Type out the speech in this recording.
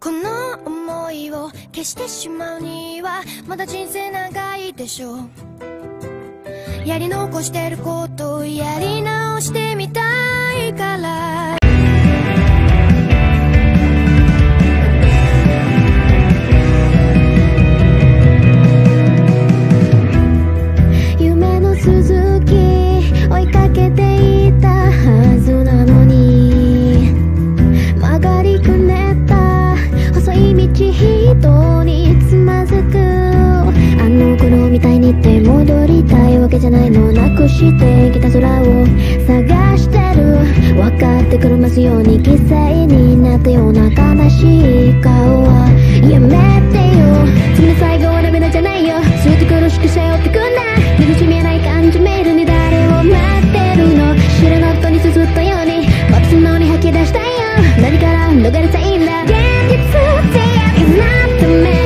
この思いを消してしまうにはまだ人生長いでしょうやり残してることをやり直してみたいから夢の鈴道人につまずくあの頃みたいにって戻りたいわけじゃないのなくしてきた空を探してる分かってくるますように犠牲になったような悲しい顔はやめてよ次の最後はダメなんじゃないよ吸って苦しく背負ってくんな苦しみやない感じメールにだ The. man.